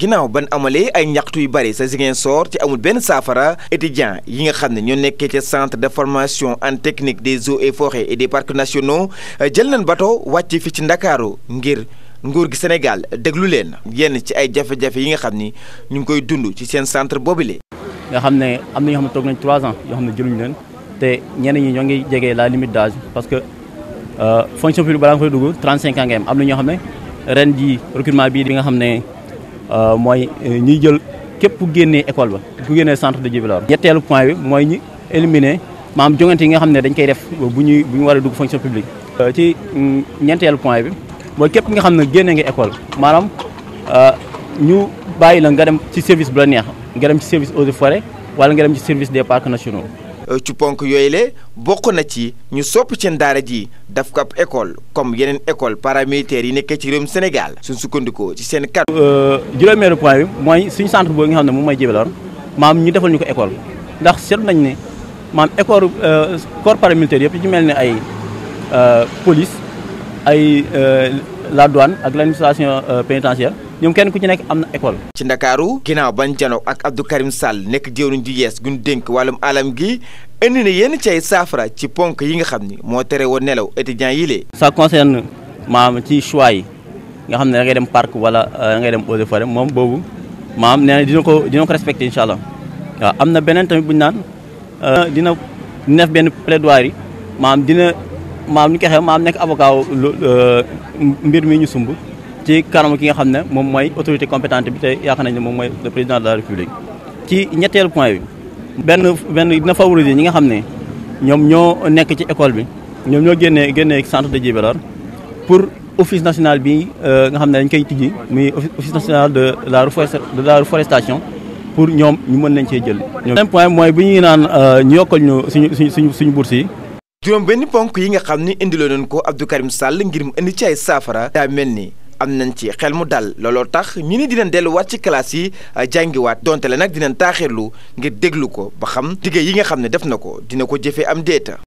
ginaaw ban amalee ay ñaxtu yu bëri sa Ziguinchor ci amul benn saafara étudiant yi nga xam ne ñoo nekkee ca centre de formation en technique des eaux et forêts et des parcs nationaux euh, jël nañ bato wàcc fi ci ndakaaru ngir nguur gi Sénégal déglu leen yenn ci ay jafe-jafe yi nga xam ni ñu ngi koy dund ci seen centre boobile. nga xam ne am na ñoo xam ne toog nañ trois ans yoo xam ne jëluñu leen te ñenn ñi ñoo ngi jege la limite d'âge parce que euh, fonction publique balaa nga dugg trente cinq ans nga am na ñoo xam ne ren jii recrutement nga xam ne. Euh, mooy euh, ñuy jël képp ku génnee école ba ku génnee centre de Djibilor ñetteelu point bi mooy ñu éliminer maanaam jongante yi nga xam ne dañ koy def bu ñuy bu ñu war a dugg fonction publique euh, ci mm, ñeenteelu point bi mooy képp nga xam ne génne nga école maanaam ñu bàyyi la nga dem ci service bu la neex nga dem ci service eaux et forêt wala nga dem ci service des parcs nationaux Euh, ci ponk yooyu le bokk na ci ñu sopp seen daara ji daf ko ab école comme yeneen école paramilitaire yi nekkee ci réewum Sénégal suñ sukkandikoo ci seen kàddu. Euh, juróomeeru point bi mooy suñu centre boobu nga xam ne moom mooy Djibilor maam ñu defal ñu ko école ndax seetlu nañ ne maam école euh, corps paramilitaire yëpp ci mel ne ay police ay la douane ak l' administration ñoom kenn ku ci nekk am na école. ci ndakaaru na bañ janoog ak Abdou Karim Sall nekk jëwriñ ji yees guñ dénk wàllum alam gi indi na yenn ci ay saafara ci ponk yi nga xam ni moo tere woon nelaw étudiants yi lee. ça concerne maam ci choix yi nga xam ne da ngay dem parc wala euh, da ngay dem eaux et moom boobu maam nee na dina ko dina ko respecté incha allah waaw am na beneen tamit bu ñu naan dina euh, dina def benn plaidoirie maam dina maam ñu ko xew maam nekk avocat euh, mbir mi ñu sumb. ci kanamu ki nga xam ne moom mooy autorité compétente bi te yaakaar nañ ne moom mooy le président de la république. ci ñetteelu point bi. benn benn dina favoriser ñi nga xam ne ñoom ñoo nekk ci école bi ñoom ñoo génnee génnee centre de Djibélor pour office national bi euh, nga xam ne dañ koy tijji muy office national de la de la reforestation pour ñoom ñu mën nañ cee jël. beneen point mooy bu ñuy naan euh, ñu yokkal ñu suñu suñu suñu bourse yi. juróom benn ponk yi nga xam ni indiloo nañ ko Abdou Karim Sall ngir mu indi ci ay saafara daa mel ni am nañ ci xel mu dal looloo tax ñu ni dinañ delluwaat ci classe yi jàngiwaat donte la nag dinañ taaxirlu ngir déglu ko ba xam liggéey yi nga xam ne def na ko dina ko jëfee am déeta